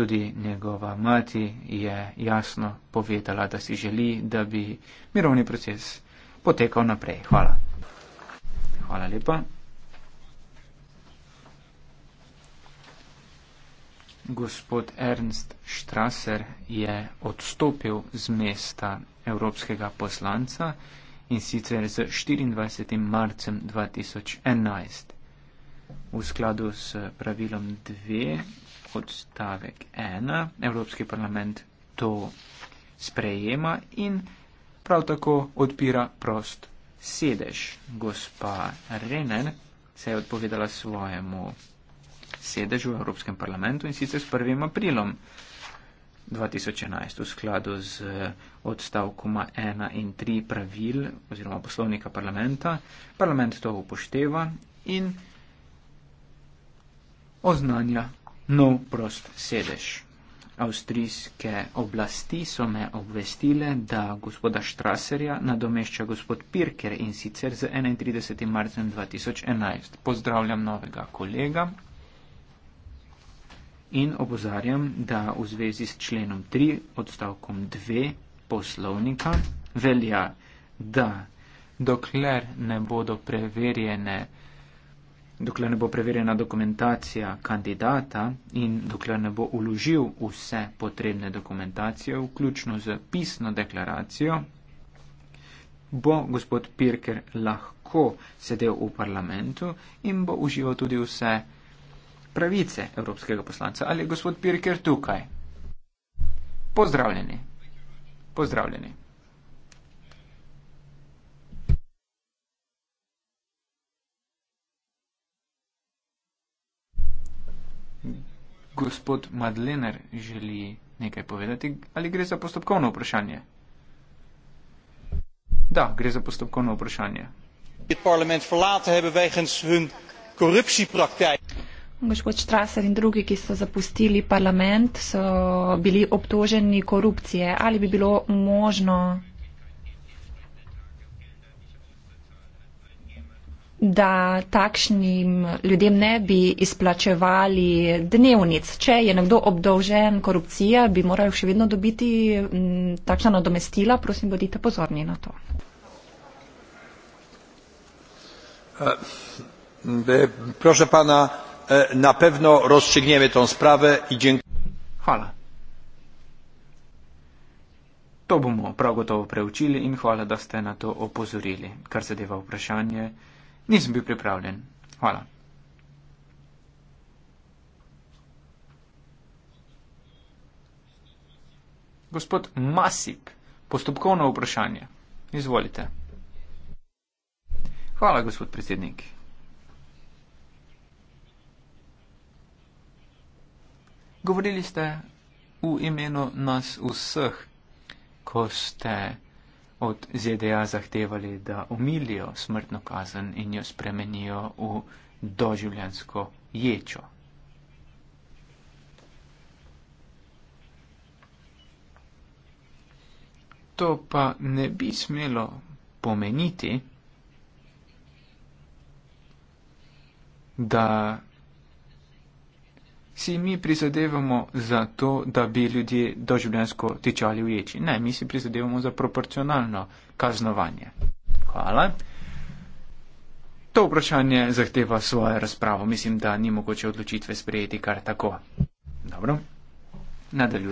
tudi njegova mati je jasno povedala, da si želi, da bi mirovni proces potekal naprej. Hvala. Hvala lepa. Gospod Ernst Strasser je odstopil z mesta evropskega poslanca in sicer z 24. marcem 2011. V skladu s pravilom 2 odstavek 1, Evropski parlament to sprejema in prav tako odpira prost sedež. Gospa Renen se je odpovedala svojemu sedežu v Evropskem parlamentu in sicer s 1. aprilom 2011 v skladu z odstavkoma 1 in 3 pravil oziroma poslovnika parlamenta. Parlament to upošteva in oznanja nov prost sedež. Avstrijske oblasti so me obvestile, da gospoda Štraserja nadomešča gospod Pirker in sicer z 31. marcem 2011. Pozdravljam novega kolega in opozarjam, da v zvezi s členom 3 odstavkom 2 poslovnika velja, da dokler ne bodo preverjene uh, dokler ne bo preverjena dokumentacija kandidata in dokler ne bo uložil vse potrebne dokumentacije, vključno z pisno deklaracijo, bo gospod Pirker lahko sedel v parlamentu in bo užival tudi vse pravice evropskega poslanca. Ali je gospod Pirker tukaj? Pozdravljeni. Pozdravljeni. gospod Madlener želi nekaj povedati ali gre za postopkovno vprašanje? Da, gre za postopkovno vprašanje. Dit parlament verlaten hebben wegens hun corruptiepraktijk. Gospod Strasser in drugi, ki so zapustili parlament, so bili obtoženi korupcije. Ali bi bilo možno da takšnim ljudem ne bi izplačevali dnevnic. Če je nekdo obdolžen korupcije, bi morali še vedno dobiti takšna nadomestila. Prosim, bodite pozorni na to. E, proszę pana, e, na pewno rozstrzygniemy tę sprawę i dziękuję. Hvala. To bomo prav gotovo preučili in hvala, da ste na to opozorili, kar zadeva vprašanje. Nisem bil pripravljen. Hvala. Gospod Masip, postopkovno vprašanje. Izvolite. Hvala, gospod predsednik. Govorili ste v imenu nas vseh, ko ste od ZDA zahtevali, da omilijo smrtno kazen in jo spremenijo v doživljansko ječo. To pa ne bi smelo pomeniti, da si mi prizadevamo za to, da bi ljudje doživljensko tičali v ječi. Ne, mi si prizadevamo za proporcionalno kaznovanje. Hvala. To vprašanje zahteva svojo razpravo. Mislim, da ni mogoče odločitve sprejeti kar tako. Dobro. Nadaljujem.